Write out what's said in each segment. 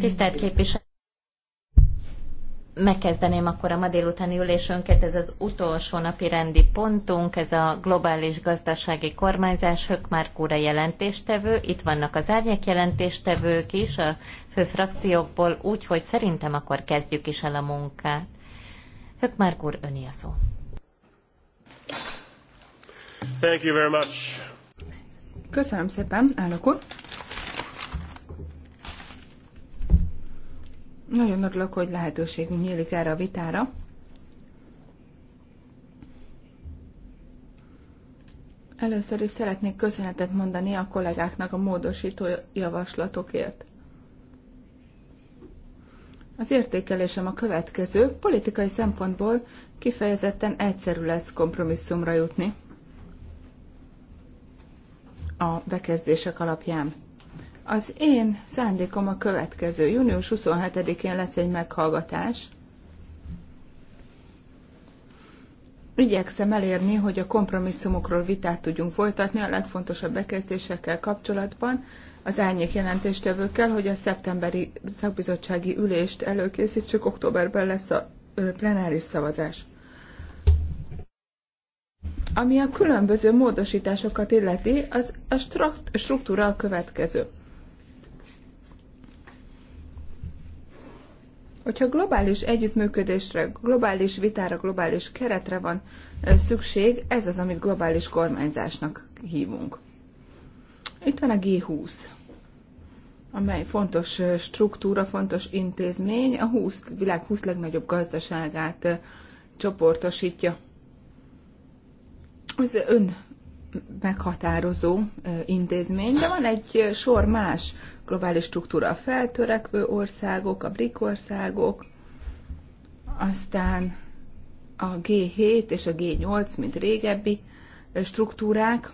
Tisztelt képviselő! Megkezdeném akkor a ma délutáni ülésünket, ez az utolsó napi rendi pontunk, ez a globális gazdasági kormányzás, Hökmárk úr a jelentéstevő, itt vannak az árnyék jelentéstevők is a fő frakciókból, úgyhogy szerintem akkor kezdjük is el a munkát. Hökmárk úr, öné a szó. Thank you very much. Köszönöm szépen, elnök úr. Nagyon örülök, hogy lehetőségünk nyílik erre a vitára. Először is szeretnék köszönetet mondani a kollégáknak a módosító javaslatokért. Az értékelésem a következő, politikai szempontból kifejezetten egyszerű lesz kompromisszumra jutni a bekezdések alapján. Az én szándékom a következő. Június 27-én lesz egy meghallgatás. Igyekszem elérni, hogy a kompromisszumokról vitát tudjunk folytatni a legfontosabb bekezdésekkel kapcsolatban, az árnyék jelentéstevőkkel, hogy a szeptemberi szakbizottsági ülést előkészítsük, októberben lesz a plenáris szavazás. Ami a különböző módosításokat illeti, az a struktúra a következő. Hogyha globális együttműködésre, globális vitára, globális keretre van szükség, ez az, amit globális kormányzásnak hívunk. Itt van a G20, amely fontos struktúra, fontos intézmény, a 20, világ 20 legnagyobb gazdaságát csoportosítja. Ez ön meghatározó intézmény, de van egy sor más globális struktúra a feltörekvő országok, a BRIC országok, aztán a G7 és a G8, mint régebbi struktúrák.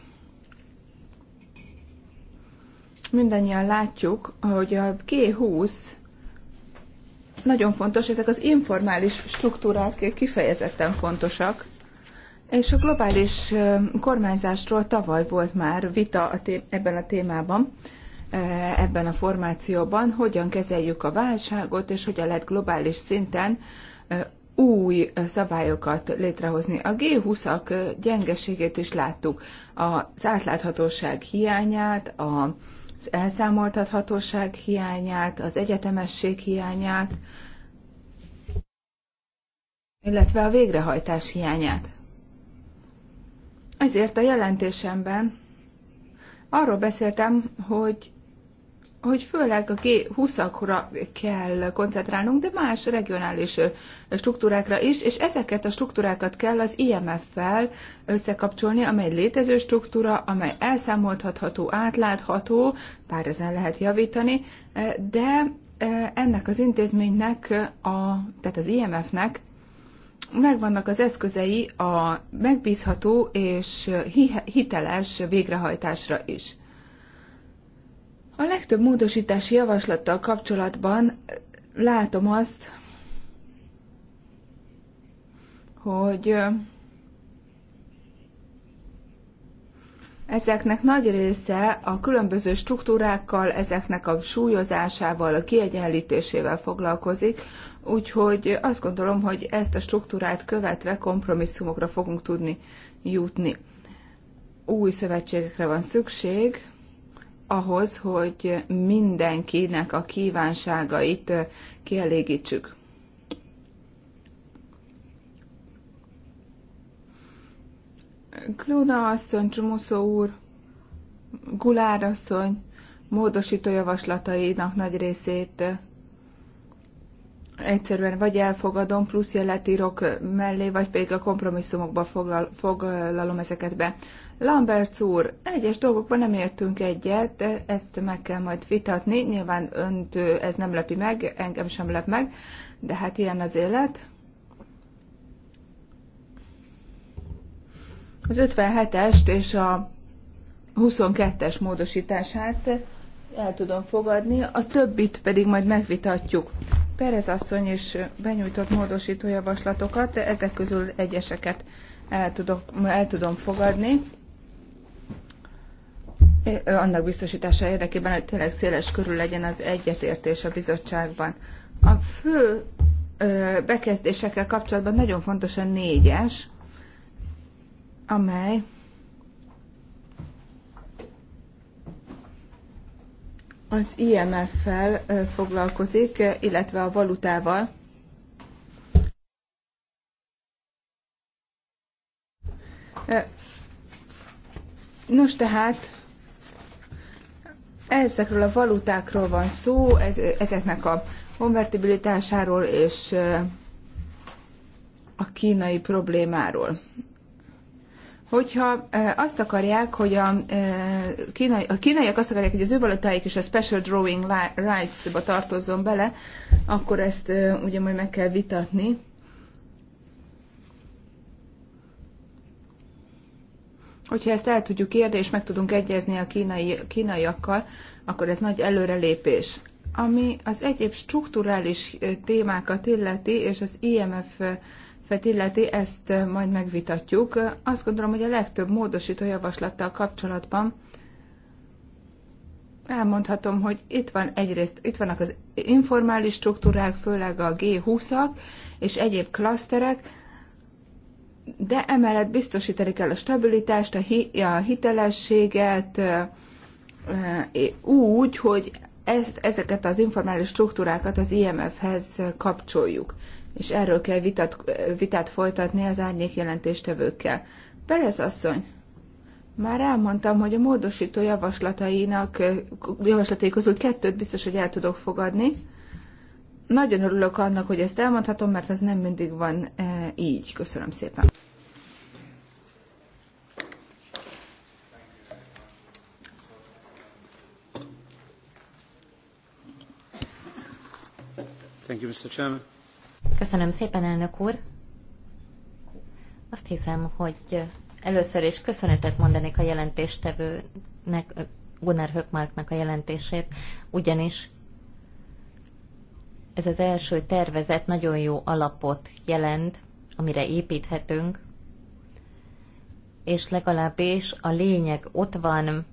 Mindannyian látjuk, hogy a G20 nagyon fontos, ezek az informális struktúrák kifejezetten fontosak, és a globális kormányzásról tavaly volt már vita a té- ebben a témában ebben a formációban, hogyan kezeljük a válságot, és hogyan lehet globális szinten új szabályokat létrehozni. A G20-ak gyengeségét is láttuk, az átláthatóság hiányát, az elszámoltathatóság hiányát, az egyetemesség hiányát, illetve a végrehajtás hiányát. Ezért a jelentésemben arról beszéltem, hogy hogy főleg a G20-akra kell koncentrálnunk, de más regionális struktúrákra is, és ezeket a struktúrákat kell az IMF-fel összekapcsolni, amely létező struktúra, amely elszámolható, átlátható, bár ezen lehet javítani, de ennek az intézménynek, a, tehát az IMF-nek megvannak az eszközei a megbízható és hiteles végrehajtásra is. A legtöbb módosítási javaslattal kapcsolatban eh, látom azt, hogy eh, Ezeknek nagy része a különböző struktúrákkal, ezeknek a súlyozásával, a kiegyenlítésével foglalkozik, úgyhogy azt gondolom, hogy ezt a struktúrát követve kompromisszumokra fogunk tudni jutni. Új szövetségekre van szükség, ahhoz, hogy mindenkinek a kívánságait kielégítsük. Kluna asszony, Csumuszó úr, Gulár asszony módosító javaslatainak nagy részét egyszerűen vagy elfogadom, plusz jelet írok mellé, vagy pedig a kompromisszumokba foglalom ezeket be. Lamberts úr, egyes dolgokban nem értünk egyet, de ezt meg kell majd vitatni. Nyilván önt ez nem lepi meg, engem sem lep meg, de hát ilyen az élet. Az 57-est és a 22-es módosítását el tudom fogadni, a többit pedig majd megvitatjuk. Perez asszony is benyújtott módosítójavaslatokat, javaslatokat, de ezek közül egyeseket el, tudok, el tudom fogadni annak biztosítása érdekében, hogy tényleg széles körül legyen az egyetértés a bizottságban. A fő bekezdésekkel kapcsolatban nagyon fontos a négyes, amely az IMF-fel foglalkozik, illetve a valutával. Nos tehát, Ezekről a valutákról van szó, ez, ezeknek a konvertibilitásáról és a kínai problémáról. Hogyha azt akarják, hogy a, kínai, a kínaiak azt akarják, hogy az ő valutáik is a Special Drawing Rights-ba tartozzon bele, akkor ezt ugye majd meg kell vitatni. Hogyha ezt el tudjuk érni, és meg tudunk egyezni a kínai, kínaiakkal, akkor ez nagy előrelépés. Ami az egyéb strukturális témákat illeti, és az IMF fet illeti, ezt majd megvitatjuk. Azt gondolom, hogy a legtöbb módosító javaslattal kapcsolatban elmondhatom, hogy itt van egyrészt, itt vannak az informális struktúrák, főleg a G20-ak és egyéb klaszterek, de emellett biztosítani kell a stabilitást, a, hi- a hitelességet úgy, hogy ezt, ezeket az informális struktúrákat az IMF-hez kapcsoljuk, és erről kell vitat, vitát folytatni az árnyék jelentéstevőkkel. Perez asszony, már elmondtam, hogy a módosító javaslatainak, javaslatai közül kettőt biztos, hogy el tudok fogadni. Nagyon örülök annak, hogy ezt elmondhatom, mert ez nem mindig van eh, így. Köszönöm szépen. Thank you, Mr. Chairman. Köszönöm szépen, elnök úr. Azt hiszem, hogy először is köszönetet mondanék a jelentéstevőnek, Gunnar Höckmarknak a jelentését, ugyanis ez az első tervezet nagyon jó alapot jelent, amire építhetünk, és legalábbis a lényeg ott van,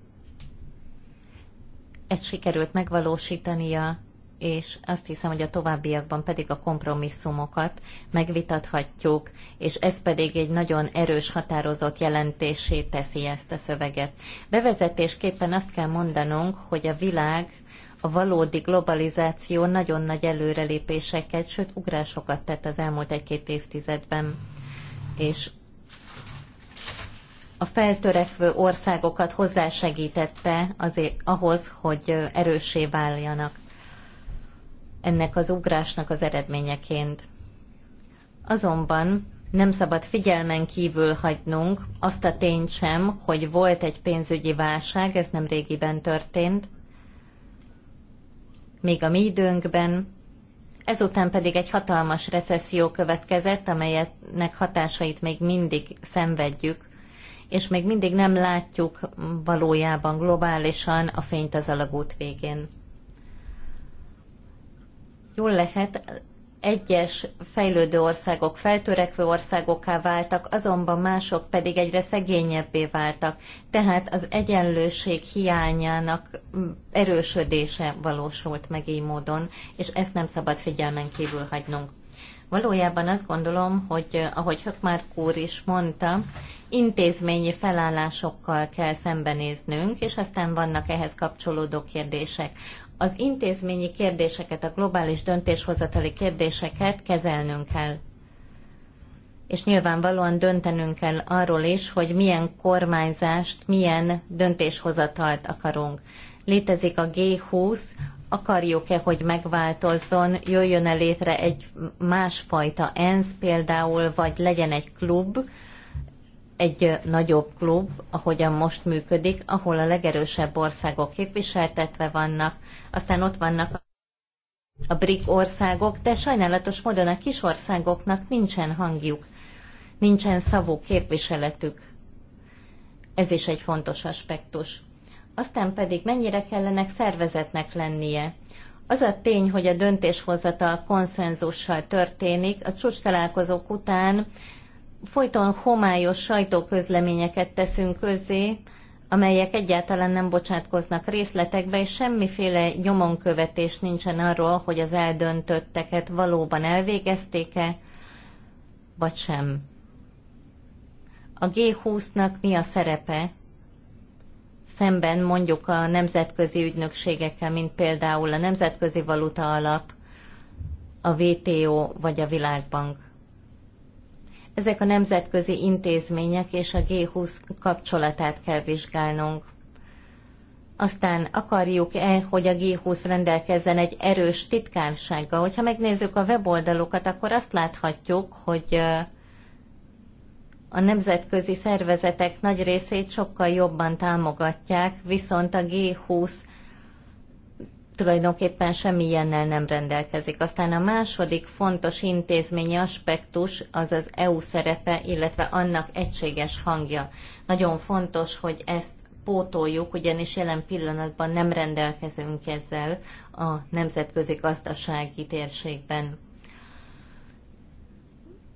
ezt sikerült megvalósítania, és azt hiszem, hogy a továbbiakban pedig a kompromisszumokat megvitathatjuk, és ez pedig egy nagyon erős határozott jelentésé teszi ezt a szöveget. Bevezetésképpen azt kell mondanunk, hogy a világ a valódi globalizáció nagyon nagy előrelépéseket, sőt ugrásokat tett az elmúlt egy-két évtizedben. És a feltörekvő országokat hozzásegítette azért ahhoz, hogy erősé váljanak ennek az ugrásnak az eredményeként. Azonban nem szabad figyelmen kívül hagynunk azt a tényt sem, hogy volt egy pénzügyi válság, ez nem régiben történt, még a mi időnkben, ezután pedig egy hatalmas recesszió következett, amelyetnek hatásait még mindig szenvedjük, és még mindig nem látjuk valójában globálisan a fényt az alagút végén. Jól lehet, egyes fejlődő országok feltörekvő országokká váltak, azonban mások pedig egyre szegényebbé váltak. Tehát az egyenlőség hiányának mm, erősödése valósult meg így módon, és ezt nem szabad figyelmen kívül hagynunk. Valójában azt gondolom, hogy eh, ahogy Hökmár úr is mondta, intézményi felállásokkal kell szembenéznünk, és aztán vannak ehhez kapcsolódó kérdések az intézményi kérdéseket, a globális döntéshozatali kérdéseket kezelnünk kell. És nyilvánvalóan döntenünk kell arról is, hogy milyen kormányzást, milyen döntéshozatalt akarunk. Létezik a G20, akarjuk-e, hogy megváltozzon, jöjjön-e létre egy másfajta ENSZ például, vagy legyen egy klub, egy nagyobb klub, ahogyan most működik, ahol a legerősebb országok képviseltetve vannak, aztán ott vannak a BRIC országok, de sajnálatos módon a kis országoknak nincsen hangjuk, nincsen szavú képviseletük. Ez is egy fontos aspektus. Aztán pedig mennyire kellenek szervezetnek lennie. Az a tény, hogy a döntéshozatal konszenzussal történik, a csúcs találkozók után folyton homályos sajtóközleményeket teszünk közé, amelyek egyáltalán nem bocsátkoznak részletekbe, és semmiféle nyomonkövetés nincsen arról, hogy az eldöntötteket valóban elvégezték-e, vagy sem. A G20-nak mi a szerepe szemben mondjuk a nemzetközi ügynökségekkel, mint például a Nemzetközi Valuta Alap, a WTO vagy a Világbank? Ezek a nemzetközi intézmények és a G20 kapcsolatát kell vizsgálnunk. Aztán akarjuk-e, hogy a G20 rendelkezzen egy erős titkársággal? Hogyha megnézzük a weboldalokat, akkor azt láthatjuk, hogy a nemzetközi szervezetek nagy részét sokkal jobban támogatják, viszont a G20 tulajdonképpen semmilyennel nem rendelkezik. Aztán a második fontos intézményi aspektus az az EU szerepe, illetve annak egységes hangja. Nagyon fontos, hogy ezt pótoljuk, ugyanis jelen pillanatban nem rendelkezünk ezzel a nemzetközi gazdasági térségben.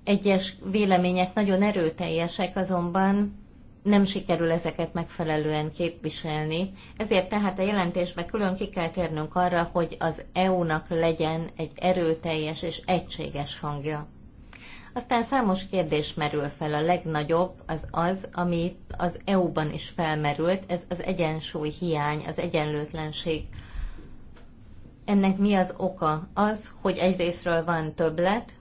Egyes vélemények nagyon erőteljesek, azonban nem sikerül ezeket megfelelően képviselni. Ezért tehát a jelentésben külön ki kell térnünk arra, hogy az EU-nak legyen egy erőteljes és egységes hangja. Aztán számos kérdés merül fel, a legnagyobb az az, ami az EU-ban is felmerült, ez az egyensúly hiány, az egyenlőtlenség. Ennek mi az oka? Az, hogy egyrésztről van többlet,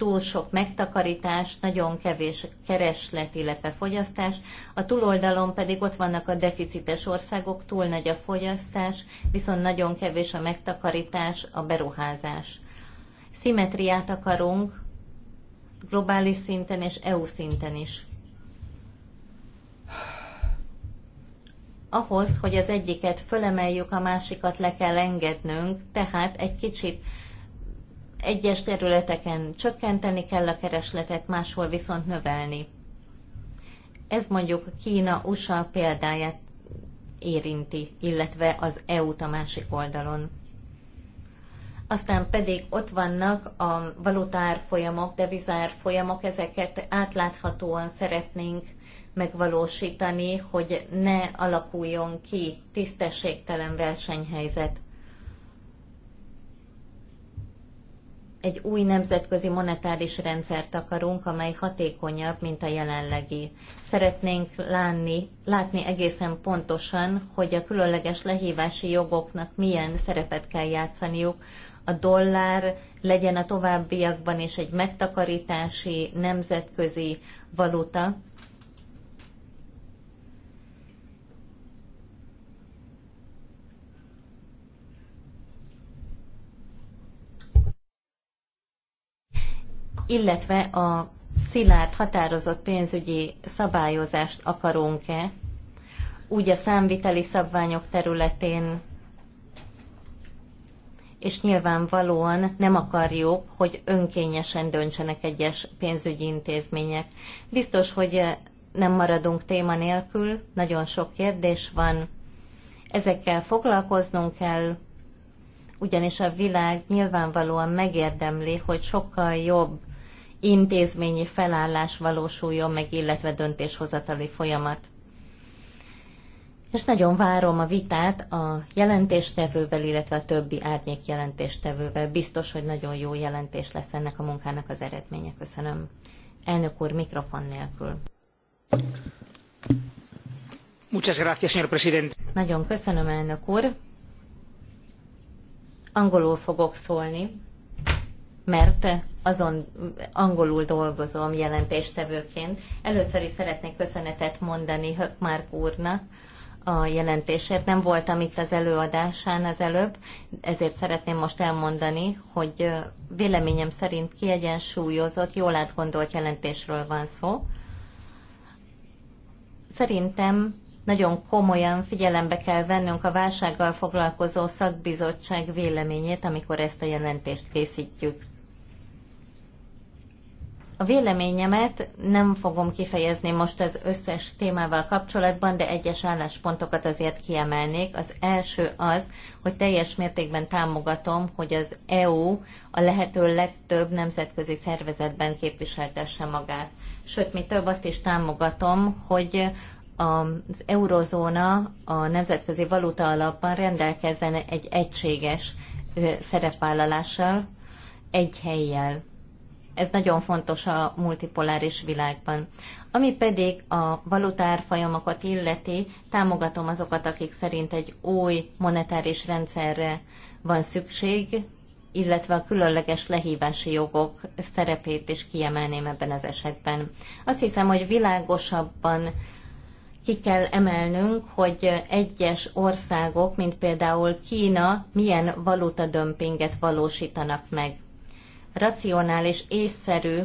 túl sok megtakarítás, nagyon kevés kereslet, illetve fogyasztás, a túloldalon pedig ott vannak a deficites országok, túl nagy a fogyasztás, viszont nagyon kevés a megtakarítás, a beruházás. Szimetriát akarunk globális szinten és EU szinten is. Ahhoz, hogy az egyiket fölemeljük, a másikat le kell engednünk, tehát egy kicsit egyes területeken csökkenteni kell a keresletet, máshol viszont növelni. Ez mondjuk a Kína-USA példáját érinti, illetve az EU-t a másik oldalon. Aztán pedig ott vannak a valutár devizár folyamok, ezeket átláthatóan szeretnénk megvalósítani, hogy ne alakuljon ki tisztességtelen versenyhelyzet. egy új nemzetközi monetáris rendszert akarunk, amely hatékonyabb, mint a jelenlegi. Szeretnénk látni, látni egészen pontosan, hogy a különleges lehívási jogoknak milyen szerepet kell játszaniuk. A dollár legyen a továbbiakban is egy megtakarítási nemzetközi valuta, illetve a szilárd, határozott pénzügyi szabályozást akarunk-e, úgy a számviteli szabványok területén, és nyilvánvalóan nem akarjuk, hogy önkényesen döntsenek egyes pénzügyi intézmények. Biztos, hogy eh, nem maradunk téma nélkül, nagyon sok kérdés van, ezekkel foglalkoznunk kell, ugyanis a világ nyilvánvalóan megérdemli, hogy sokkal jobb intézményi felállás valósuljon meg, illetve döntéshozatali folyamat. És nagyon várom a vitát a jelentéstevővel, illetve a többi árnyék jelentéstevővel. Biztos, hogy nagyon jó jelentés lesz ennek a munkának az eredménye. Köszönöm. Elnök úr, mikrofon nélkül. Muchas gracias, señor presidente. Nagyon köszönöm, elnök úr. Angolul fogok szólni mert azon angolul dolgozom jelentéstevőként. Először is szeretnék köszönetet mondani Hökmárk úrnak a jelentésért. Nem voltam itt az előadásán az előbb, ezért szeretném most elmondani, hogy véleményem szerint kiegyensúlyozott, jól átgondolt jelentésről van szó. Szerintem nagyon komolyan figyelembe kell vennünk a válsággal foglalkozó szakbizottság véleményét, amikor ezt a jelentést készítjük. A véleményemet nem fogom kifejezni most az összes témával kapcsolatban, de egyes álláspontokat azért kiemelnék. Az első az, hogy teljes mértékben támogatom, hogy az EU a lehető legtöbb nemzetközi szervezetben képviseltesse magát. Sőt, mi több azt is támogatom, hogy az eurozóna a nemzetközi valuta alapban rendelkezzen egy egységes szerepvállalással, egy helyjel ez nagyon fontos a multipoláris világban. Ami pedig a valutárfolyamokat illeti, támogatom azokat, akik szerint egy új monetáris rendszerre van szükség, illetve a különleges lehívási jogok szerepét is kiemelném ebben az esetben. Azt hiszem, hogy világosabban ki kell emelnünk, hogy egyes országok, mint például Kína, milyen valutadömpinget valósítanak meg racionális, észszerű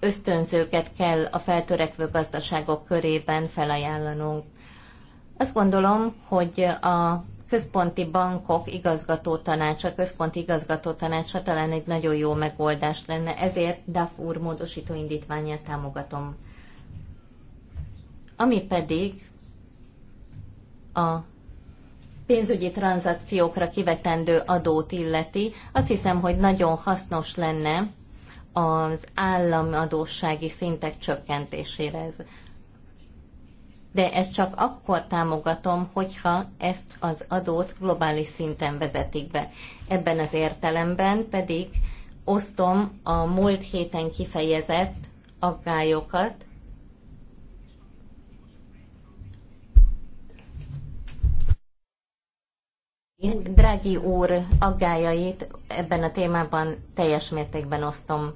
ösztönzőket kell a feltörekvő gazdaságok körében felajánlanunk. Azt gondolom, hogy a központi bankok igazgató tanácsa, központi igazgató tanácsa talán egy nagyon jó megoldás lenne, ezért DAF úr módosító indítványát támogatom. Ami pedig a pénzügyi tranzakciókra kivetendő adót illeti, azt hiszem, hogy nagyon hasznos lenne az államadósági szintek csökkentésére ez. De ezt csak akkor támogatom, hogyha ezt az adót globális szinten vezetik be. Ebben az értelemben pedig osztom a múlt héten kifejezett aggályokat, Drági úr aggájait ebben a témában teljes mértékben osztom.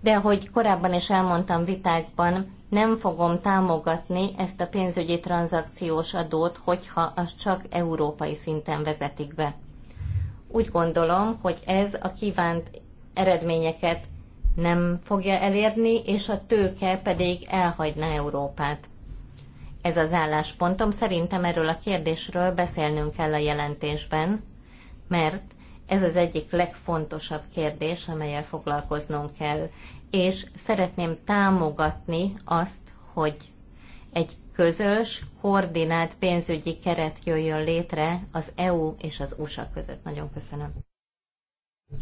De ahogy korábban is elmondtam vitákban, nem fogom támogatni ezt a pénzügyi tranzakciós adót, hogyha az csak európai szinten vezetik be. Úgy gondolom, hogy ez a kívánt eredményeket nem fogja elérni, és a tőke pedig elhagyna Európát ez az álláspontom. Szerintem erről a kérdésről beszélnünk kell a jelentésben, mert ez az egyik legfontosabb kérdés, amelyel foglalkoznunk kell. És szeretném támogatni azt, hogy egy közös, koordinált pénzügyi keret jöjjön létre az EU és az USA között. Nagyon köszönöm.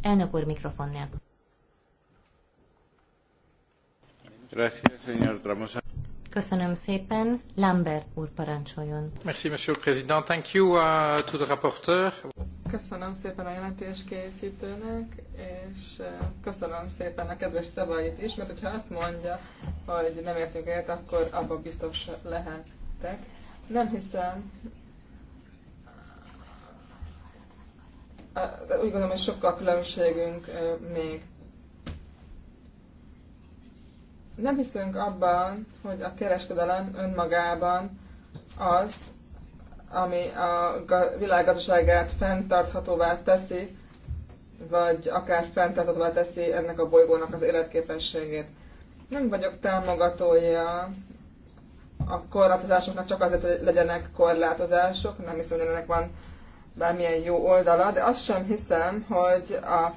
Elnök úr mikrofonnál. Köszönöm szépen. Lambert úr parancsoljon. Merci, monsieur le président. Thank you uh, to the rapporteur. Köszönöm szépen a jelentéskészítőnek, és uh, köszönöm szépen a kedves szavait is, mert hogyha azt mondja, hogy nem értünk egyet, akkor abban biztos lehetek. Nem hiszem, uh, úgy gondolom, hogy sokkal különbségünk uh, még nem hiszünk abban, hogy a kereskedelem önmagában az, ami a világgazdaságát fenntarthatóvá teszi, vagy akár fenntarthatóvá teszi ennek a bolygónak az életképességét. Nem vagyok támogatója a korlátozásoknak csak azért, hogy legyenek korlátozások, nem hiszem, hogy ennek van bármilyen jó oldala, de azt sem hiszem, hogy a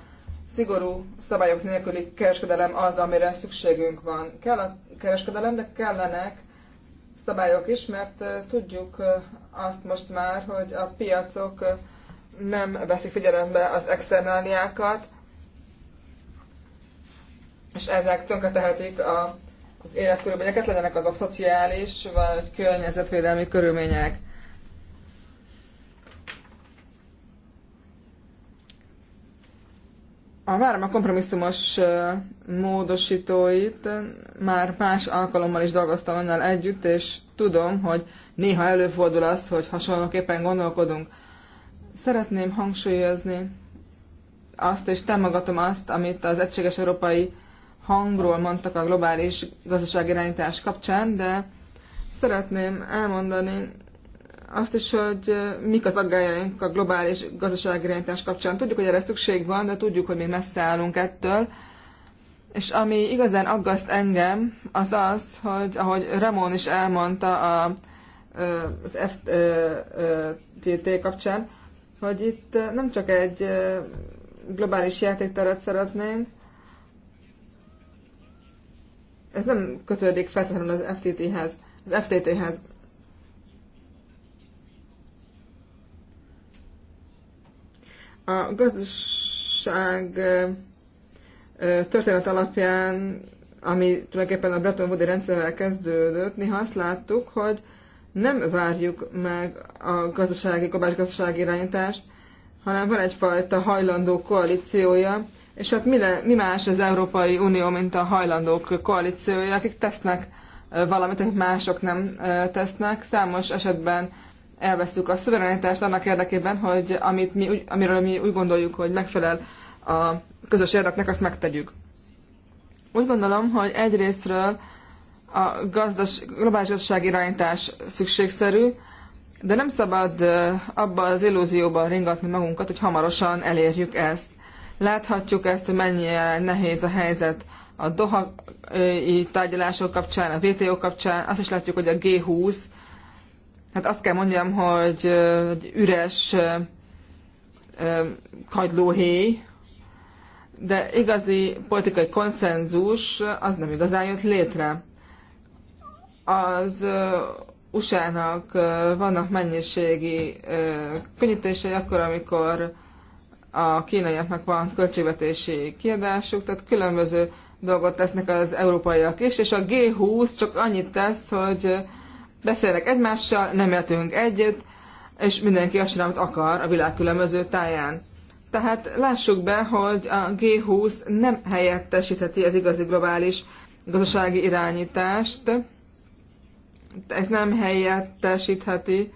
szigorú szabályok nélküli kereskedelem az, amire szükségünk van. Kell a kereskedelem, de kellenek szabályok is, mert tudjuk azt most már, hogy a piacok nem veszik figyelembe az externáliákat, és ezek tönkretehetik a, az életkörülményeket, legyenek azok szociális vagy környezetvédelmi körülmények. a, várom a kompromisszumos módosítóit, már más alkalommal is dolgoztam önnel együtt, és tudom, hogy néha előfordul az, hogy hasonlóképpen gondolkodunk. Szeretném hangsúlyozni azt, és támogatom azt, amit az egységes európai hangról mondtak a globális gazdaságirányítás kapcsán, de szeretném elmondani azt is, hogy mik az aggájaink a globális gazdaságirányítás kapcsán. Tudjuk, hogy erre szükség van, de tudjuk, hogy még messze állunk ettől. És ami igazán aggaszt engem, az az, hogy ahogy Ramon is elmondta a, az FTT kapcsán, hogy itt nem csak egy globális játékteret szeretnénk, ez nem kötődik feltétlenül az FTT-hez. Az FTT-hez A gazdaság történet alapján, ami tulajdonképpen a Bretton Woods rendszerrel kezdődött, néha azt láttuk, hogy nem várjuk meg a gazdasági, globális gazdasági irányítást, hanem van egyfajta hajlandó koalíciója, és hát mi, le, mi más az Európai Unió, mint a hajlandók koalíciója, akik tesznek valamit, akik mások nem tesznek. Számos esetben elveszük a szuverenitást annak érdekében, hogy amit mi, amiről mi úgy gondoljuk, hogy megfelel a közös érdeknek, azt megtegyük. Úgy gondolom, hogy egyrésztről a gazdas, globális gazdaság irányítás szükségszerű, de nem szabad abba az illúzióba ringatni magunkat, hogy hamarosan elérjük ezt. Láthatjuk ezt, hogy mennyire nehéz a helyzet a Doha tárgyalások kapcsán, a WTO kapcsán, azt is látjuk, hogy a G20 hát azt kell mondjam, hogy egy üres kagylóhéj, de igazi politikai konszenzus az nem igazán jött létre. Az USA-nak vannak mennyiségi könnyítései akkor, amikor a kínaiaknak van költségvetési kiadásuk, tehát különböző dolgot tesznek az európaiak is, és a G20 csak annyit tesz, hogy beszélnek egymással, nem értünk egyet, és mindenki azt csinál, amit akar a világ különböző táján. Tehát lássuk be, hogy a G20 nem helyettesítheti az igazi globális gazdasági irányítást, ez nem helyettesítheti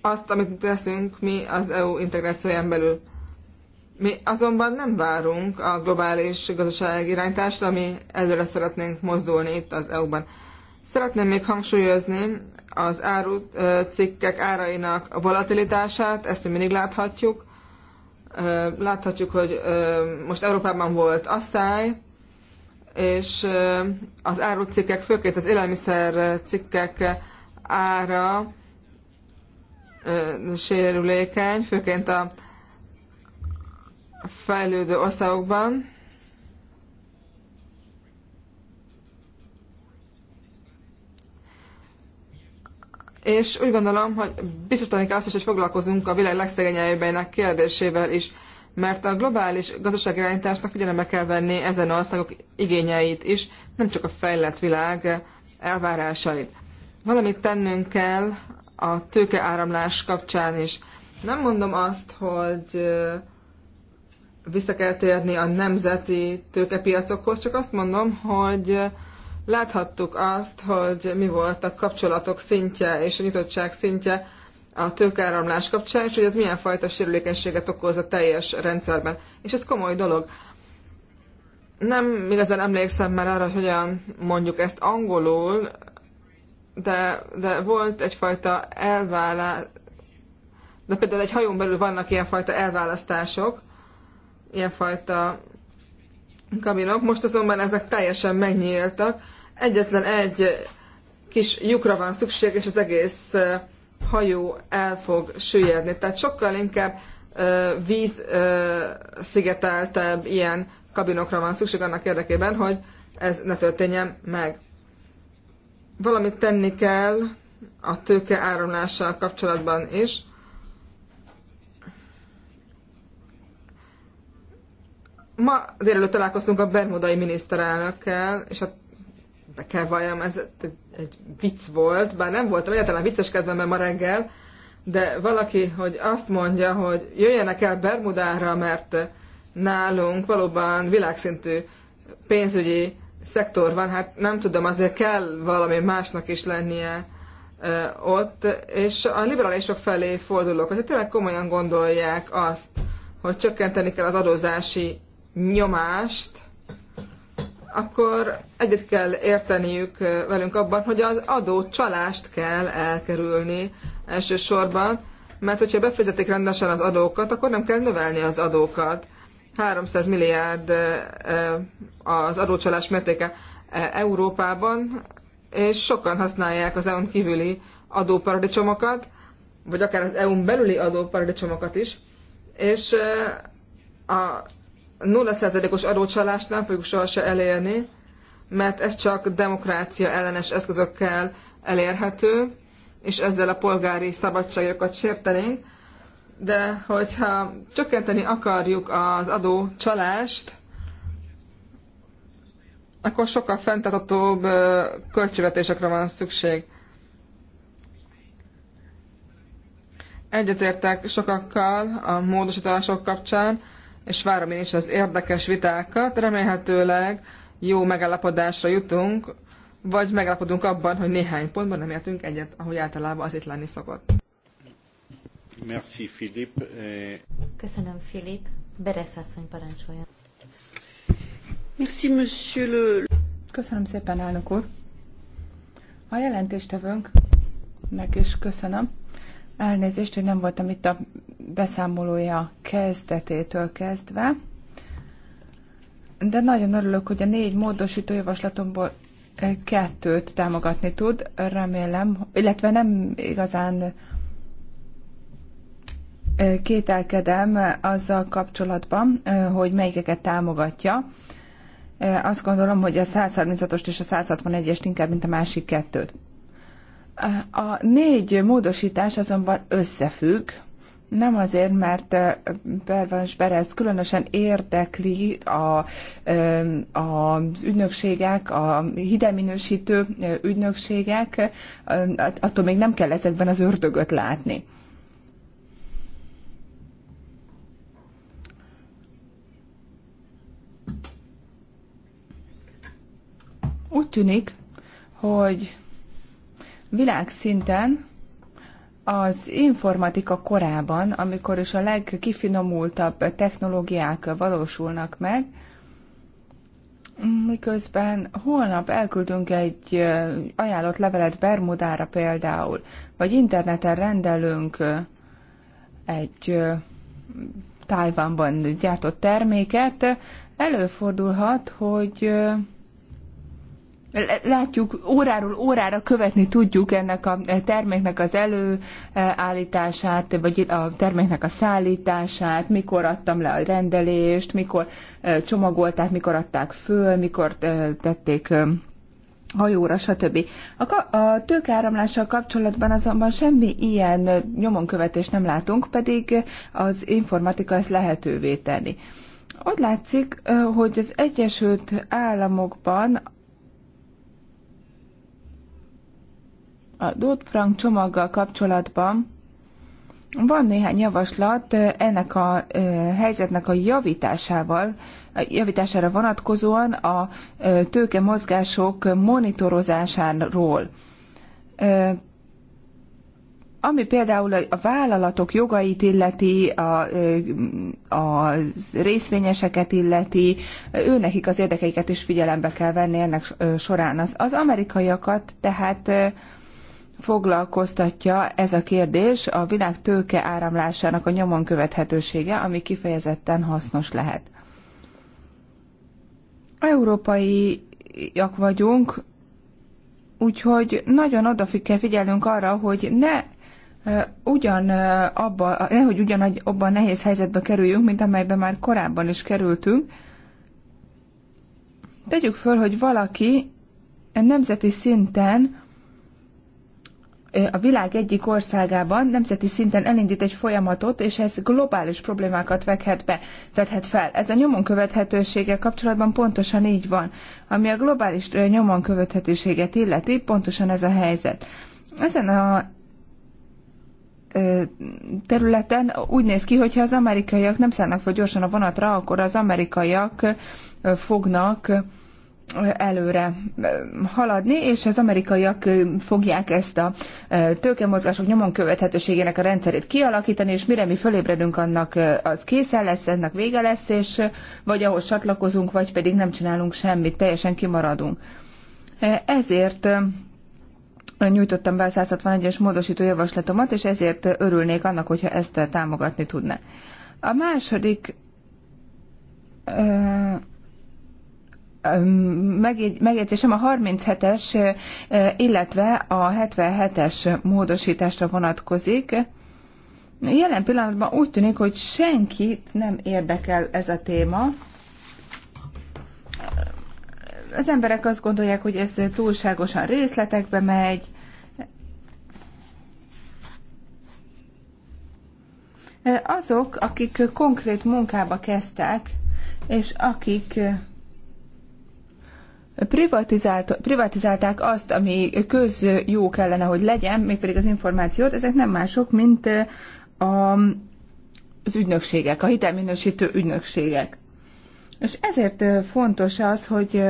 azt, amit teszünk mi az EU integrációján belül. Mi azonban nem várunk a globális gazdasági iránytást, ami előre szeretnénk mozdulni itt az EU-ban. Szeretném még hangsúlyozni az cikkek árainak volatilitását, ezt mi mindig láthatjuk. Láthatjuk, hogy most Európában volt asszály, és az árucikkek, főként az élelmiszer cikkek ára sérülékeny, főként a fejlődő országokban, és úgy gondolom, hogy biztosítani kell azt is, hogy foglalkozunk a világ legszegényeibeinek kérdésével is, mert a globális gazdaságirányításnak figyelembe kell venni ezen országok igényeit is, nem csak a fejlett világ elvárásait. Valamit tennünk kell a tőkeáramlás kapcsán is. Nem mondom azt, hogy vissza kell térni a nemzeti tőkepiacokhoz, csak azt mondom, hogy láthattuk azt, hogy mi volt a kapcsolatok szintje és a nyitottság szintje a tőkáramlás kapcsán, és hogy ez milyen fajta sérülékenységet okoz a teljes rendszerben. És ez komoly dolog. Nem igazán emlékszem már arra, hogy hogyan mondjuk ezt angolul, de, de volt egyfajta elvállás, de például egy hajón belül vannak ilyenfajta elválasztások, ilyenfajta kabinok. Most azonban ezek teljesen megnyíltak. Egyetlen egy kis lyukra van szükség, és az egész hajó el fog süllyedni. Tehát sokkal inkább víz szigeteltebb ilyen kabinokra van szükség annak érdekében, hogy ez ne történjen meg. Valamit tenni kell a tőke áramlással kapcsolatban is. Ma délelőtt találkoztunk a bermudai miniszterelnökkel, és a, be kell valljam, ez egy vicc volt, bár nem voltam egyáltalán vicces kedvemben ma reggel, de valaki, hogy azt mondja, hogy jöjjenek el Bermudára, mert nálunk valóban világszintű pénzügyi szektor van, hát nem tudom, azért kell valami másnak is lennie ott, és a liberálisok felé fordulok, hogy tényleg komolyan gondolják azt, hogy csökkenteni kell az adózási nyomást, akkor egyet kell érteniük eh, velünk abban, hogy az adó csalást kell elkerülni elsősorban, mert hogyha befizetik rendesen az adókat, akkor nem kell növelni az adókat. 300 milliárd eh, eh, az adócsalás mértéke Európában, és sokan használják az EU-n kívüli adóparadicsomokat, vagy akár az EU-n belüli adóparadicsomokat is, és a 0%-os adócsalást nem fogjuk sohasem elérni, mert ez csak demokrácia ellenes eszközökkel elérhető, és ezzel a polgári szabadságokat sértenénk. De hogyha csökkenteni akarjuk az adócsalást, akkor sokkal fenntartatóbb költségvetésekre van szükség. Egyetértek sokakkal a módosítások kapcsán, és várom én is az érdekes vitákat. Remélhetőleg jó megállapodásra jutunk, vagy megállapodunk abban, hogy néhány pontban nem értünk egyet, ahogy általában az itt lenni szokott. Merci, Philippe. Köszönöm, Filip. Beresz asszony parancsolja. Merci, monsieur le... Köszönöm szépen, elnök úr. A jelentéstevőnknek is köszönöm. Elnézést, hogy nem voltam itt a beszámolója kezdetétől kezdve, de nagyon örülök, hogy a négy módosító javaslatomból e, kettőt támogatni tud, remélem, illetve nem igazán e, kételkedem azzal kapcsolatban, e, hogy melyikeket támogatja. Azt gondolom, hogy a 136-ost és a 161-est inkább, mint a másik kettőt. A négy módosítás azonban összefügg, nem azért, mert Pervans Berez különösen érdekli a, az ügynökségek, a hideminősítő ügynökségek, attól még nem kell ezekben az ördögöt látni. Úgy tűnik, hogy világszinten az informatika korában, amikor is a legkifinomultabb technológiák valósulnak meg, miközben holnap elküldünk egy ajánlott levelet Bermudára például, vagy interneten rendelünk egy Tájvánban gyártott terméket, előfordulhat, hogy látjuk, óráról órára követni tudjuk ennek a e, terméknek az előállítását, e, vagy a terméknek a szállítását, mikor adtam le a rendelést, mikor e, csomagolták, mikor adták föl, mikor tették hajóra, stb. A, a tőkeáramlással kapcsolatban azonban semmi ilyen követést nem látunk, pedig az informatika ezt lehetővé tenni. Ott látszik, hogy az Egyesült Államokban A Dodd-Frank csomaggal kapcsolatban van néhány javaslat ennek a helyzetnek a javításával, javítására vonatkozóan a tőke mozgások monitorozásáról. Ami például a vállalatok jogait illeti, a, a részvényeseket illeti, őnekik az érdekeiket is figyelembe kell venni ennek során. Az, az amerikaiakat tehát foglalkoztatja ez a kérdés a világ tőke áramlásának a nyomon követhetősége, ami kifejezetten hasznos lehet. Európaiak vagyunk, úgyhogy nagyon oda kell figyelnünk arra, hogy ne ugyan abba, nehogy ugyan abban nehéz helyzetbe kerüljünk, mint amelyben már korábban is kerültünk. Tegyük föl, hogy valaki nemzeti szinten a világ egyik országában nemzeti szinten elindít egy folyamatot, és ez globális problémákat vethet be, vethet fel. Ez a nyomon követhetőséggel kapcsolatban pontosan így van. Ami a globális nyomon követhetőséget illeti, pontosan ez a helyzet. Ezen a területen úgy néz ki, hogyha az amerikaiak nem szállnak fel gyorsan a vonatra, akkor az amerikaiak fognak előre haladni, és az amerikaiak fogják ezt a tőkemozgások nyomon követhetőségének a rendszerét kialakítani, és mire mi fölébredünk, annak az készen lesz, ennek vége lesz, és vagy ahhoz csatlakozunk, vagy pedig nem csinálunk semmit, teljesen kimaradunk. Ezért nyújtottam be a 161-es módosító javaslatomat, és ezért örülnék annak, hogyha ezt támogatni tudná. A második megjegyzésem a 37-es, illetve a 77-es módosításra vonatkozik. Jelen pillanatban úgy tűnik, hogy senkit nem érdekel ez a téma. Az emberek azt gondolják, hogy ez túlságosan részletekbe megy, azok, akik konkrét munkába kezdtek, és akik privatizálták azt, ami közjó kellene, hogy legyen, mégpedig az információt, ezek nem mások, mint a, az ügynökségek, a hitelminősítő ügynökségek. És ezért fontos az, hogy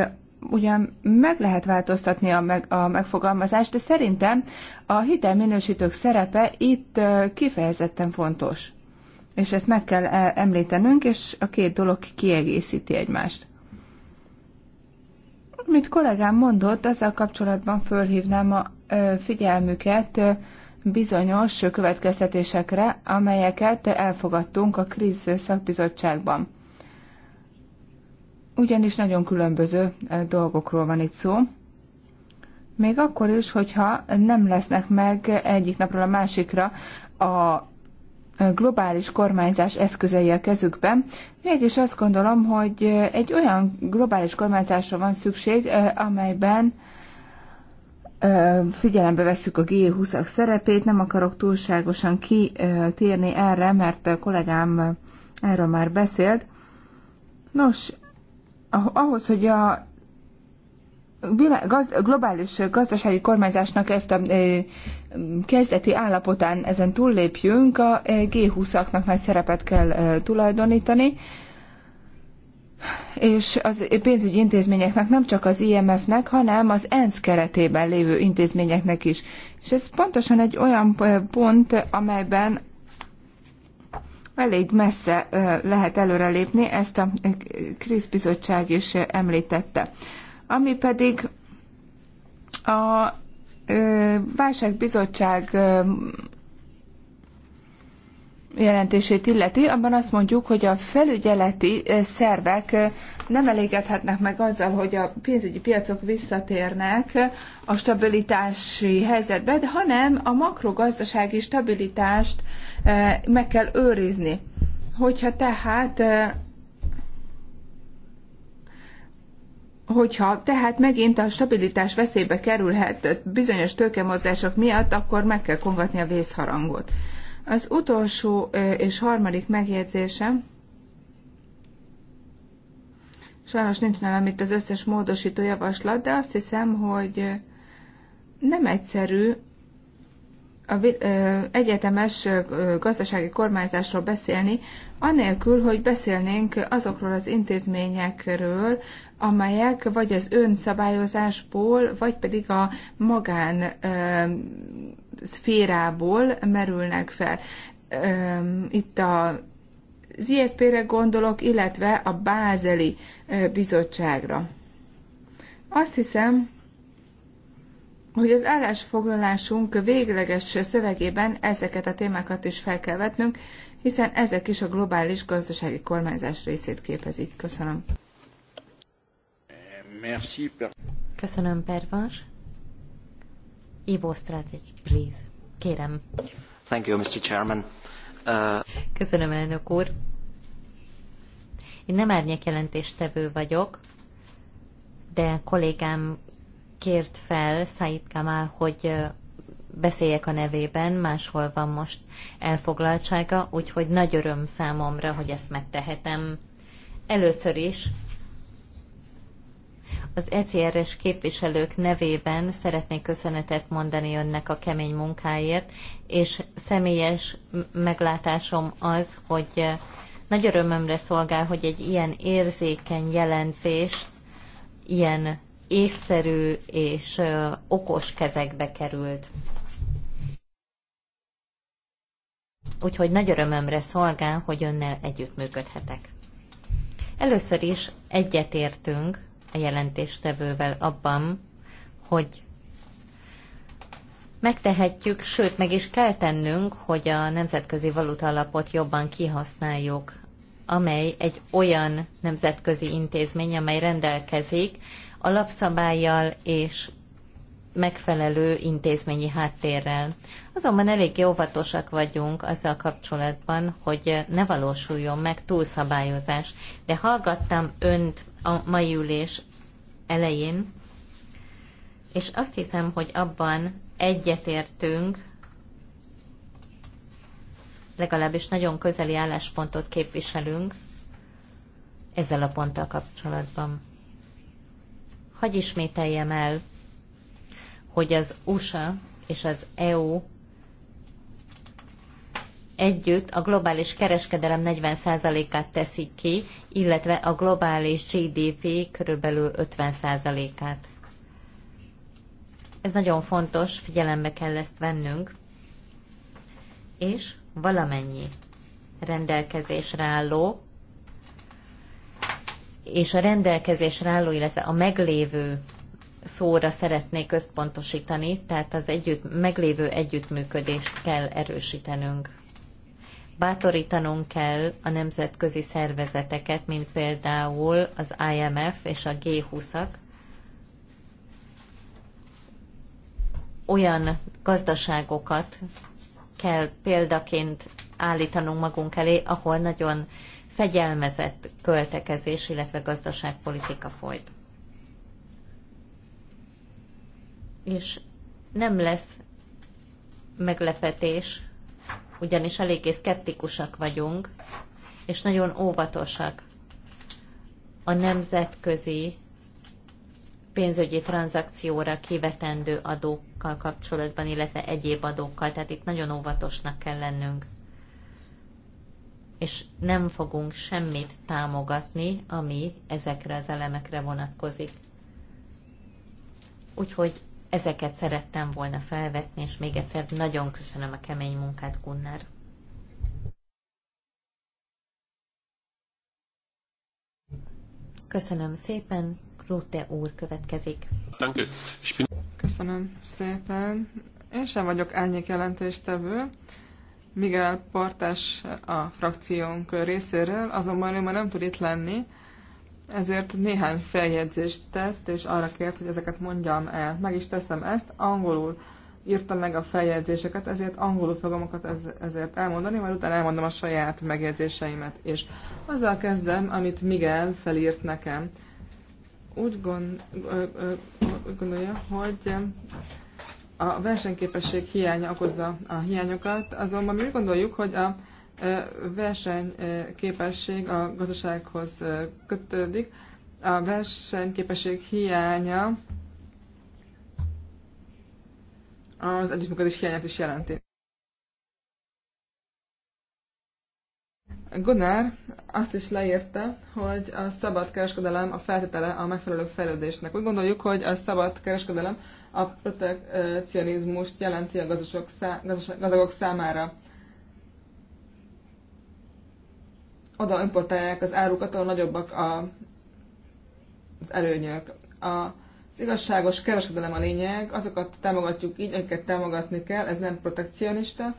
ugyan meg lehet változtatni a, meg, a megfogalmazást, de szerintem a hitelminősítők szerepe itt kifejezetten fontos. És ezt meg kell e, említenünk, és a két dolog kiegészíti egymást. Amit kollégám mondott, azzal kapcsolatban fölhívnám a figyelmüket bizonyos következtetésekre, amelyeket elfogadtunk a KRIZ szakbizottságban. Ugyanis nagyon különböző dolgokról van itt szó. Még akkor is, hogyha nem lesznek meg egyik napról a másikra a globális kormányzás eszközei a kezükben. Mégis azt gondolom, hogy egy olyan globális kormányzásra van szükség, eh, amelyben eh, figyelembe vesszük a G20-ak szerepét, nem akarok túlságosan kitérni erre, mert a kollégám erről már beszélt. Nos, ah, ahhoz, hogy a globális gazdasági kormányzásnak ezt a eh, kezdeti állapotán ezen túllépjünk, a e, G20-aknak nagy szerepet kell e, tulajdonítani, és az pénzügyi intézményeknek nem csak az IMF-nek, hanem az ENSZ keretében lévő intézményeknek is. És ez pontosan egy olyan e, pont, amelyben elég messze lehet előrelépni, ezt a krízbizottság bizottság is említette. Ami pedig a válságbizottság jelentését illeti, abban azt mondjuk, hogy a felügyeleti szervek nem elégedhetnek meg azzal, hogy a pénzügyi piacok visszatérnek a stabilitási helyzetbe, de hanem a makrogazdasági stabilitást meg kell őrizni. Hogyha tehát Hogyha tehát megint a stabilitás veszélybe kerülhet bizonyos tőkemozgások miatt, akkor meg kell kongatni a vészharangot. Az utolsó és harmadik megjegyzésem, sajnos nincs nálam itt az összes módosító javaslat, de azt hiszem, hogy nem egyszerű a egyetemes gazdasági kormányzásról beszélni, anélkül, hogy beszélnénk azokról az intézményekről, amelyek vagy az önszabályozásból, vagy pedig a magán szférából merülnek fel. Itt a az ISZP-re gondolok, illetve a Bázeli bizottságra. Azt hiszem, hogy az állásfoglalásunk végleges szövegében ezeket a témákat is fel kell vetnünk, hiszen ezek is a globális gazdasági kormányzás részét képezik. Köszönöm. Merci. Köszönöm, Pervas. Ivo Strategy, please. Kérem. Thank you, Mr. Chairman. Uh... Köszönöm, elnök úr. Én nem árnyék jelentéstevő vagyok, de kollégám kért fel Said Kamal, hogy beszéljek a nevében, máshol van most elfoglaltsága, úgyhogy nagy öröm számomra, hogy ezt megtehetem. Először is az ECRS képviselők nevében szeretnék köszönetet mondani önnek a kemény munkáért, és személyes meglátásom az, hogy nagy örömömre szolgál, hogy egy ilyen érzékeny jelentést ilyen észszerű és okos kezekbe került. Úgyhogy nagy örömömre szolgál, hogy önnel együttműködhetek. Először is egyetértünk a jelentéstevővel abban, hogy megtehetjük, sőt meg is kell tennünk, hogy a nemzetközi valutalapot jobban kihasználjuk, amely egy olyan nemzetközi intézmény, amely rendelkezik alapszabályjal és megfelelő intézményi háttérrel. Azonban elég óvatosak vagyunk azzal kapcsolatban, hogy ne valósuljon meg túlszabályozás. De hallgattam önt a mai ülés elején, és azt hiszem, hogy abban egyetértünk, legalábbis nagyon közeli álláspontot képviselünk ezzel a ponttal kapcsolatban. Hagy ismételjem el, hogy az USA és az EU együtt a globális kereskedelem 40%-át teszik ki, illetve a globális GDP körülbelül 50%-át. Ez nagyon fontos, figyelembe kell ezt vennünk, és valamennyi rendelkezésre álló és a rendelkezésre álló, illetve a meglévő szóra szeretnék központosítani, tehát az együtt, meglévő együttműködést kell erősítenünk. Bátorítanunk kell a nemzetközi szervezeteket, mint például az IMF és a G20-ak, olyan gazdaságokat kell példaként állítanunk magunk elé, ahol nagyon fegyelmezett költekezés, illetve gazdaságpolitika folyt. És nem lesz meglepetés, ugyanis eléggé szkeptikusak vagyunk, és nagyon óvatosak a nemzetközi pénzügyi tranzakcióra kivetendő adókkal kapcsolatban, illetve egyéb adókkal. Tehát itt nagyon óvatosnak kell lennünk és nem fogunk semmit támogatni, ami ezekre az elemekre vonatkozik. Úgyhogy ezeket szerettem volna felvetni, és még egyszer nagyon köszönöm a kemény munkát, Gunnar. Köszönöm szépen, Krute úr következik. Köszönöm szépen. Én sem vagyok ennyi jelentéstevő, Miguel Portás a frakciónk részéről, azonban ő már nem tud itt lenni, ezért néhány feljegyzést tett, és arra kért, hogy ezeket mondjam el. Meg is teszem ezt, angolul írtam meg a feljegyzéseket, ezért angolul fogom ezért elmondani, majd utána elmondom a saját megjegyzéseimet. És azzal kezdem, amit Miguel felírt nekem. Úgy gond, ö, ö, gondolja, hogy a versenyképesség hiánya okozza a hiányokat, azonban mi úgy gondoljuk, hogy a versenyképesség a gazdasághoz kötődik. A versenyképesség hiánya az együttműködés hiányát is jelenti. Gunnar azt is leírta, hogy a szabad kereskedelem a feltétele a megfelelő fejlődésnek. Úgy gondoljuk, hogy a szabad kereskedelem a protekcionizmust jelenti a gazdagok, szá, gazdagok számára. Oda importálják az árukat, ahol nagyobbak a, az előnyök. A, az igazságos kereskedelem a lényeg, azokat támogatjuk így, akiket támogatni kell, ez nem protekcionista,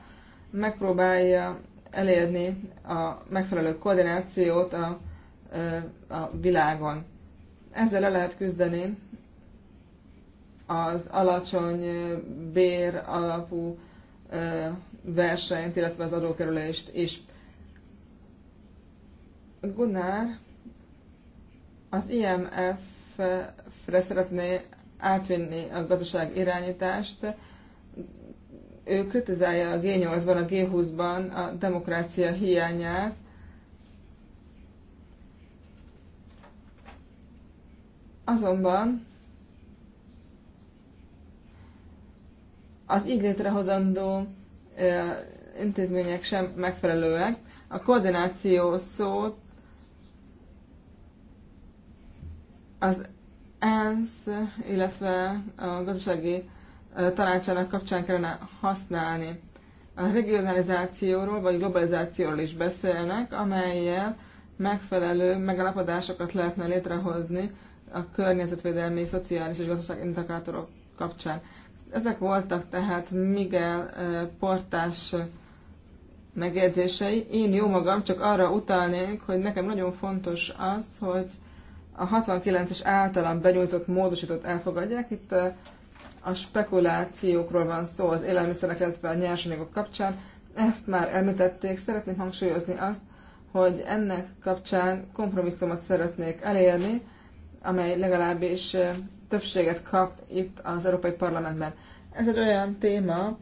megpróbálja elérni a megfelelő koordinációt a, a világon. Ezzel le lehet küzdeni az alacsony bér alapú versenyt, illetve az adókerülést is. Gunnar az IMF-re szeretné átvinni a gazdaság irányítást. Ő kritizálja a G8-ban, a G20-ban a demokrácia hiányát, Azonban az így létrehozandó intézmények sem megfelelőek. A koordináció szót az ENSZ, illetve a gazdasági tanácsának kapcsán kellene használni. A regionalizációról vagy globalizációról is beszélnek, amelyel megfelelő megalapodásokat lehetne létrehozni a környezetvédelmi, szociális és gazdasági indikátorok kapcsán. Ezek voltak tehát Miguel Portás megjegyzései. Én jó magam csak arra utalnék, hogy nekem nagyon fontos az, hogy a 69-es általán benyújtott módosított elfogadják. Itt a spekulációkról van szó az élelmiszerek, illetve a nyersanyagok kapcsán. Ezt már említették, szeretném hangsúlyozni azt, hogy ennek kapcsán kompromisszumot szeretnék elérni, amely legalábbis többséget kap itt az Európai Parlamentben. Ez egy olyan téma,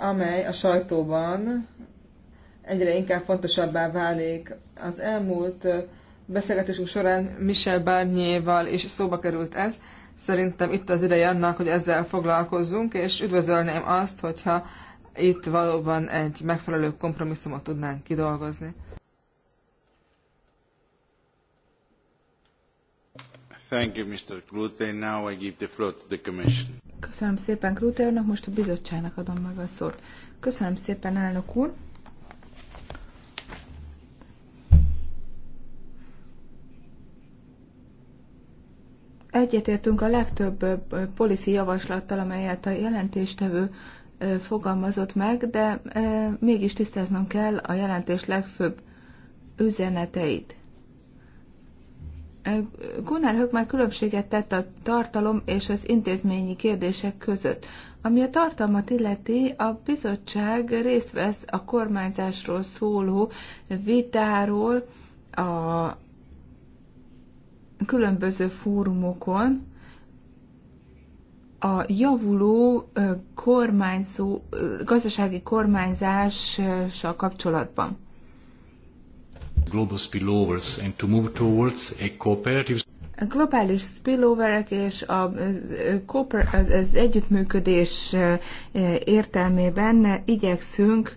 amely a sajtóban egyre inkább fontosabbá válik. Az elmúlt beszélgetésünk során Michel Barnier-val is szóba került ez. Szerintem itt az ideje annak, hogy ezzel foglalkozzunk, és üdvözölném azt, hogyha itt valóban egy megfelelő kompromisszumot tudnánk kidolgozni. Köszönöm szépen Klute úrnak, most a bizottságnak adom meg a szót. Köszönöm szépen, elnök úr. Egyetértünk a legtöbb policy javaslattal, amelyet a jelentéstevő fogalmazott meg, de mégis tisztáznom kell a jelentés legfőbb üzeneteit. Gunnar Hök már különbséget tett a tartalom és az intézményi kérdések között. Ami a tartalmat illeti, a bizottság részt vesz a kormányzásról szóló vitáról a különböző fórumokon, a javuló kormányzó, gazdasági kormányzással kapcsolatban. Global spillovers and to move towards a cooperative a globális spilloverek és a, az, az együttműködés értelmében igyekszünk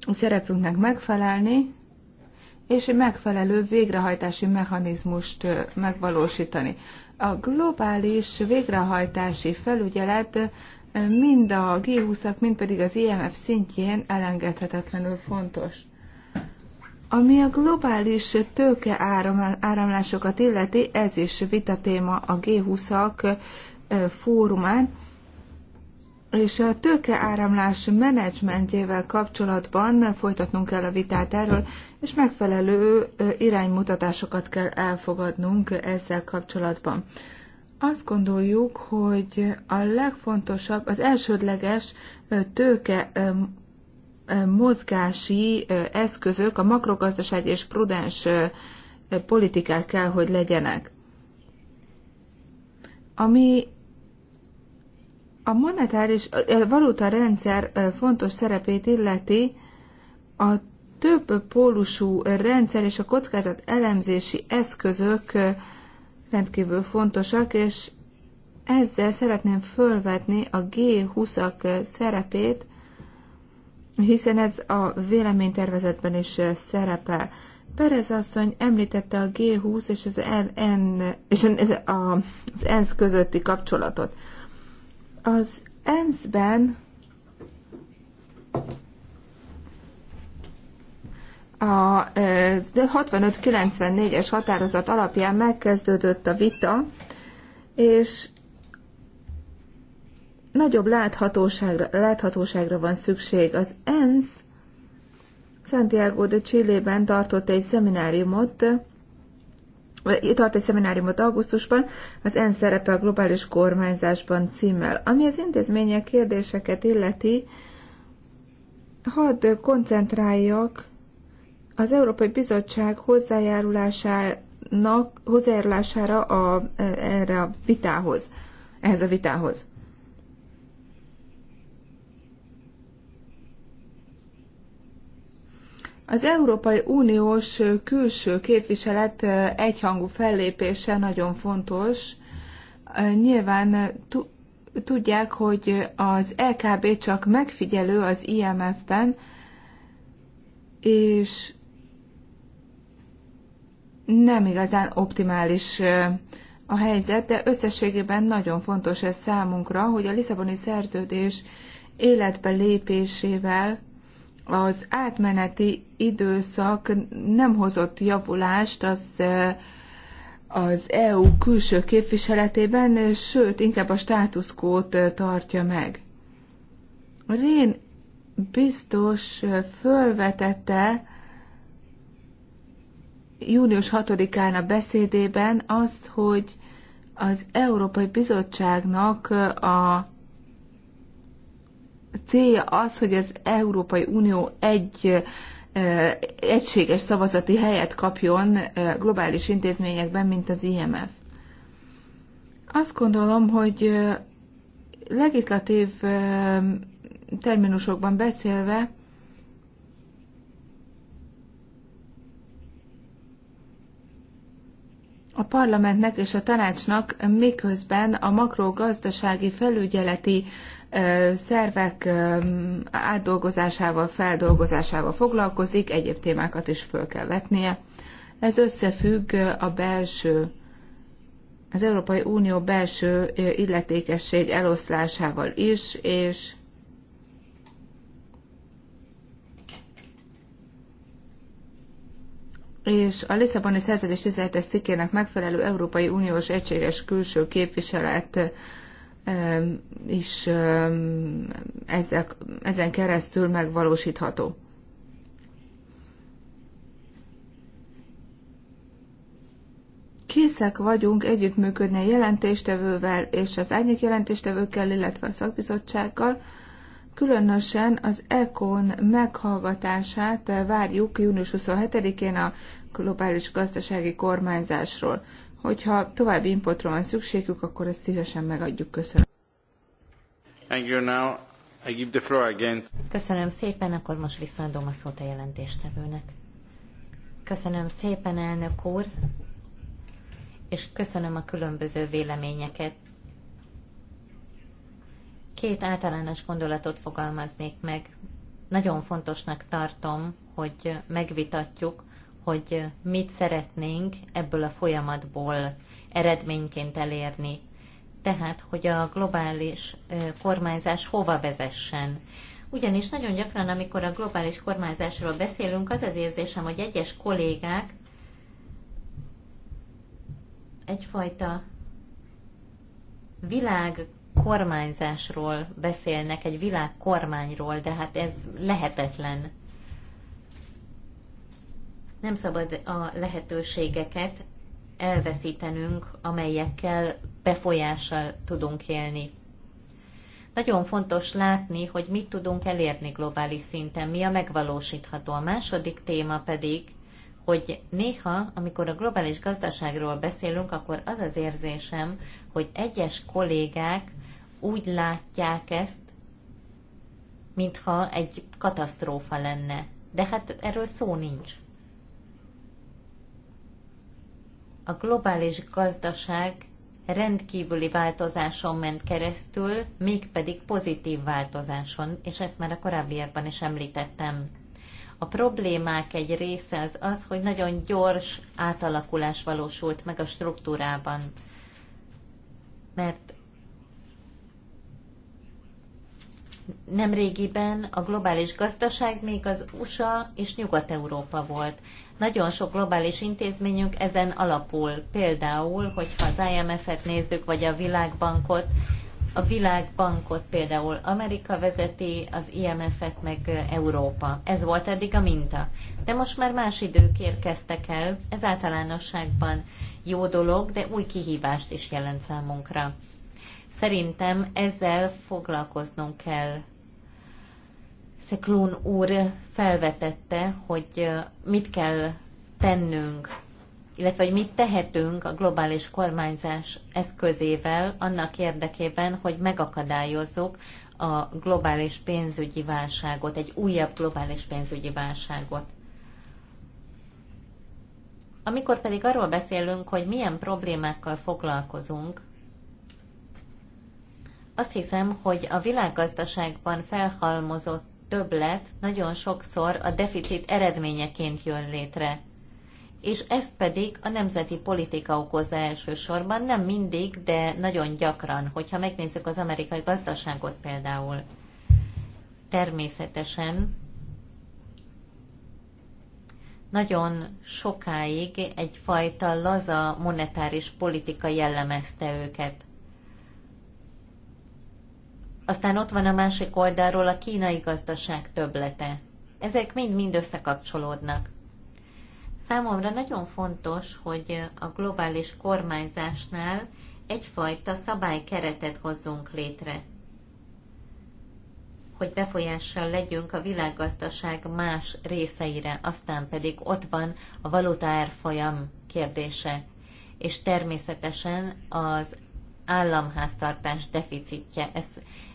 a szerepünknek megfelelni, és egy megfelelő végrehajtási mechanizmust megvalósítani. A globális végrehajtási felügyelet mind a G20-ak, mind pedig az IMF szintjén elengedhetetlenül fontos. Ami a globális tőke áramlásokat illeti, ez is téma a G20-ak fórumán, és a tőkeáramlás menedzsmentjével kapcsolatban folytatnunk kell a vitát erről, és megfelelő iránymutatásokat kell elfogadnunk ezzel kapcsolatban. Azt gondoljuk, hogy a legfontosabb, az elsődleges tőke mozgási eszközök a makrogazdaság és prudens politikák kell, hogy legyenek. Ami a monetáris valuta rendszer fontos szerepét illeti, a több pólusú rendszer és a kockázat elemzési eszközök rendkívül fontosak, és ezzel szeretném fölvetni a G20-ak szerepét hiszen ez a véleménytervezetben is eh, szerepel. Perez asszony említette a G20 és az, N, és az ENSZ közötti kapcsolatot. Az ENSZ-ben a 65-94-es eh, határozat alapján megkezdődött a vita, és nagyobb láthatóságra, láthatóságra van szükség. Az ENSZ Santiago de Chile-ben tartott egy szemináriumot, tart egy szemináriumot augusztusban, az ENSZ szerepe a globális kormányzásban címmel. Ami az intézmények kérdéseket illeti, hadd koncentráljak az Európai Bizottság hozzájárulásának, hozzájárulására a, erre a vitához, ehhez a vitához. Az Európai Uniós külső képviselet egyhangú fellépése nagyon fontos. Nyilván tudják, hogy az LKB csak megfigyelő az IMF-ben, és nem igazán optimális a helyzet, de összességében nagyon fontos ez számunkra, hogy a Lisszaboni szerződés életbe lépésével az átmeneti időszak nem hozott javulást az, az EU külső képviseletében, sőt, inkább a státuszkót tartja meg. Rén biztos fölvetette június 6-án a beszédében azt, hogy az Európai Bizottságnak a célja az, hogy az Európai Unió egy egységes szavazati helyet kapjon globális intézményekben, mint az IMF. Azt gondolom, hogy legislatív terminusokban beszélve a parlamentnek és a tanácsnak miközben a makrogazdasági felügyeleti szervek átdolgozásával, feldolgozásával foglalkozik, egyéb témákat is föl kell vetnie. Ez összefügg a belső, az Európai Unió belső illetékesség eloszlásával is, és és a Lisszaboni szerződés 17-es cikkének megfelelő Európai Uniós Egységes Külső Képviselet is ezek, ezen keresztül megvalósítható. Készek vagyunk együttműködni a jelentéstevővel és az árnyék jelentéstevőkkel, illetve a szakbizottsággal. Különösen az ECON meghallgatását várjuk június 27-én a globális gazdasági kormányzásról hogyha további importra van szükségük, akkor ezt szívesen megadjuk. Köszönöm. Thank you now. I give the floor again. Köszönöm szépen, akkor most visszaadom a szót a jelentéstevőnek. Köszönöm szépen, elnök úr, és köszönöm a különböző véleményeket. Két általános gondolatot fogalmaznék meg. Nagyon fontosnak tartom, hogy megvitatjuk hogy mit szeretnénk ebből a folyamatból eredményként elérni. Tehát, hogy a globális kormányzás hova vezessen. Ugyanis nagyon gyakran, amikor a globális kormányzásról beszélünk, az az érzésem, hogy egyes kollégák egyfajta világ kormányzásról beszélnek, egy világkormányról, de hát ez lehetetlen. Nem szabad a lehetőségeket elveszítenünk, amelyekkel befolyással tudunk élni. Nagyon fontos látni, hogy mit tudunk elérni globális szinten, mi a megvalósítható. A második téma pedig, hogy néha, amikor a globális gazdaságról beszélünk, akkor az az érzésem, hogy egyes kollégák úgy látják ezt, mintha egy katasztrófa lenne. De hát erről szó nincs. A globális gazdaság rendkívüli változáson ment keresztül, mégpedig pozitív változáson, és ezt már a korábbiakban is említettem. A problémák egy része az az, hogy nagyon gyors átalakulás valósult meg a struktúrában, mert Nemrégiben a globális gazdaság még az USA és Nyugat-Európa volt. Nagyon sok globális intézményünk ezen alapul. Például, hogyha az IMF-et nézzük, vagy a Világbankot, a Világbankot például Amerika vezeti, az IMF-et meg Európa. Ez volt eddig a minta. De most már más idők érkeztek el, ez általánosságban jó dolog, de új kihívást is jelent számunkra. Szerintem ezzel foglalkoznunk kell. Szeklón úr felvetette, hogy mit kell tennünk, illetve hogy mit tehetünk a globális kormányzás eszközével annak érdekében, hogy megakadályozzuk a globális pénzügyi válságot, egy újabb globális pénzügyi válságot. Amikor pedig arról beszélünk, hogy milyen problémákkal foglalkozunk, azt hiszem, hogy a világgazdaságban felhalmozott többlet nagyon sokszor a deficit eredményeként jön létre. És ezt pedig a nemzeti politika okozza elsősorban, nem mindig, de nagyon gyakran, hogyha megnézzük az amerikai gazdaságot például. Természetesen nagyon sokáig egyfajta laza monetáris politika jellemezte őket. Aztán ott van a másik oldalról a kínai gazdaság töblete. Ezek mind-mind összekapcsolódnak. Számomra nagyon fontos, hogy a globális kormányzásnál egyfajta szabálykeretet hozzunk létre, hogy befolyással legyünk a világgazdaság más részeire, aztán pedig ott van a valutaárfolyam kérdése, és természetesen az államháztartás deficitje. Ez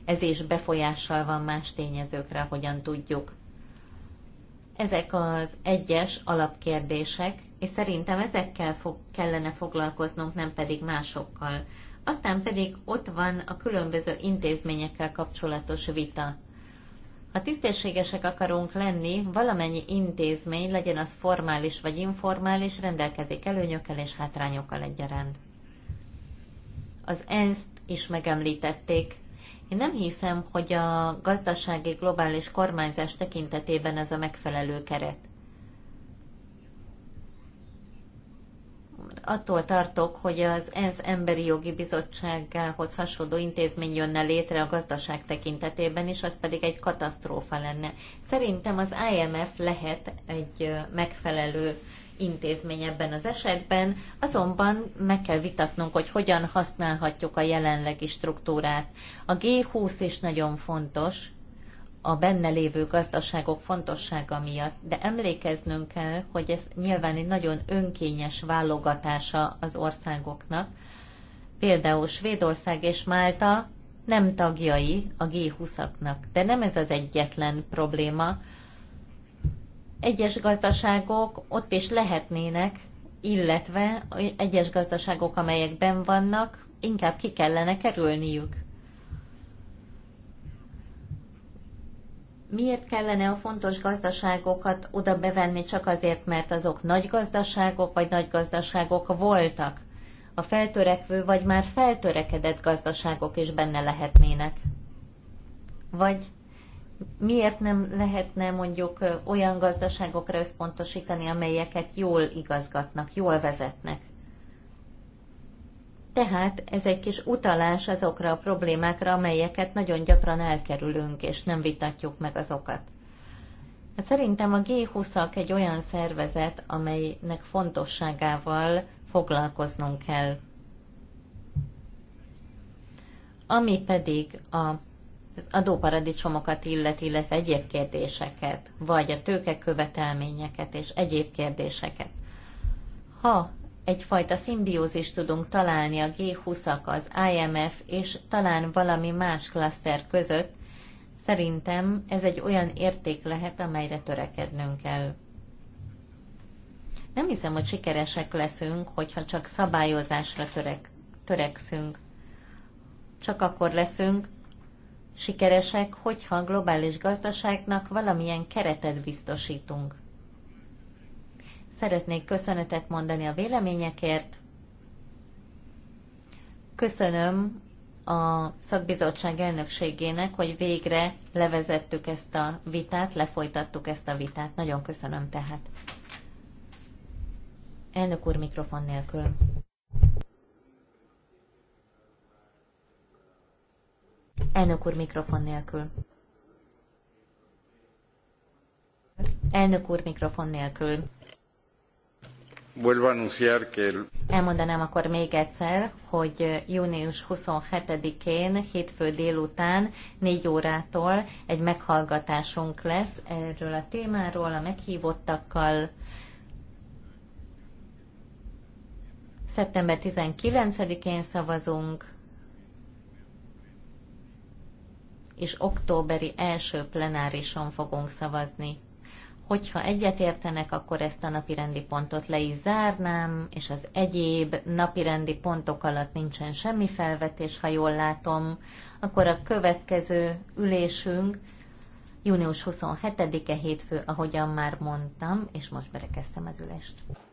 ez is befolyással van más tényezőkre, hogyan tudjuk. Ezek az egyes alapkérdések, és szerintem ezekkel fog, kellene foglalkoznunk, nem pedig másokkal. Aztán pedig ott van a különböző intézményekkel kapcsolatos vita. Ha tisztességesek akarunk lenni, valamennyi intézmény, legyen az formális vagy informális, rendelkezik előnyökkel és hátrányokkal egyaránt. Az ENSZ-t is megemlítették. Én nem hiszem, hogy a gazdasági globális kormányzás tekintetében ez a megfelelő keret. attól tartok, hogy az ENSZ Emberi Jogi Bizottságához hasonló intézmény jönne létre a gazdaság tekintetében, és az pedig egy katasztrófa lenne. Szerintem az IMF lehet egy megfelelő intézmény ebben az esetben, azonban meg kell vitatnunk, hogy hogyan használhatjuk a jelenlegi struktúrát. A G20 is nagyon fontos, a benne lévő gazdaságok fontossága miatt, de emlékeznünk kell, hogy ez nyilván egy nagyon önkényes válogatása az országoknak. Például Svédország és Málta nem tagjai a G20-aknak, de nem ez az egyetlen probléma. Egyes gazdaságok ott is lehetnének, illetve egyes gazdaságok, amelyek benn vannak, inkább ki kellene kerülniük. miért kellene a fontos gazdaságokat oda bevenni csak azért, mert azok nagy gazdaságok vagy nagy gazdaságok voltak? A feltörekvő vagy már feltörekedett gazdaságok is benne lehetnének. Vagy miért nem lehetne mondjuk olyan gazdaságokra összpontosítani, amelyeket jól igazgatnak, jól vezetnek? Tehát ez egy kis utalás azokra a problémákra, amelyeket nagyon gyakran elkerülünk, és nem vitatjuk meg azokat. Hát szerintem a G20-ak egy olyan szervezet, amelynek fontosságával foglalkoznunk kell. Ami pedig a, az adóparadicsomokat illet, illetve egyéb kérdéseket, vagy a tőkekövetelményeket és egyéb kérdéseket. Ha egyfajta szimbiózist tudunk találni a G20-ak, az IMF és talán valami más klaszter között, szerintem ez egy olyan érték lehet, amelyre törekednünk kell. Nem hiszem, hogy sikeresek leszünk, hogyha csak szabályozásra törek, törekszünk. Csak akkor leszünk sikeresek, hogyha a globális gazdaságnak valamilyen keretet biztosítunk. Szeretnék köszönetet mondani a véleményekért. Köszönöm a szakbizottság elnökségének, hogy végre levezettük ezt a vitát, lefolytattuk ezt a vitát. Nagyon köszönöm tehát. Elnök úr mikrofon nélkül. Elnök úr mikrofon nélkül. Elnök úr mikrofon nélkül. Elmondanám akkor még egyszer, hogy június 27-én, hétfő délután, 4 órától egy meghallgatásunk lesz erről a témáról, a meghívottakkal. Szeptember 19-én szavazunk, és októberi első plenárison fogunk szavazni. Hogyha egyetértenek, akkor ezt a napirendi pontot le is zárnám, és az egyéb napirendi pontok alatt nincsen semmi felvetés, ha jól látom, akkor a következő ülésünk június 27-e hétfő, ahogyan már mondtam, és most berekeztem az ülést.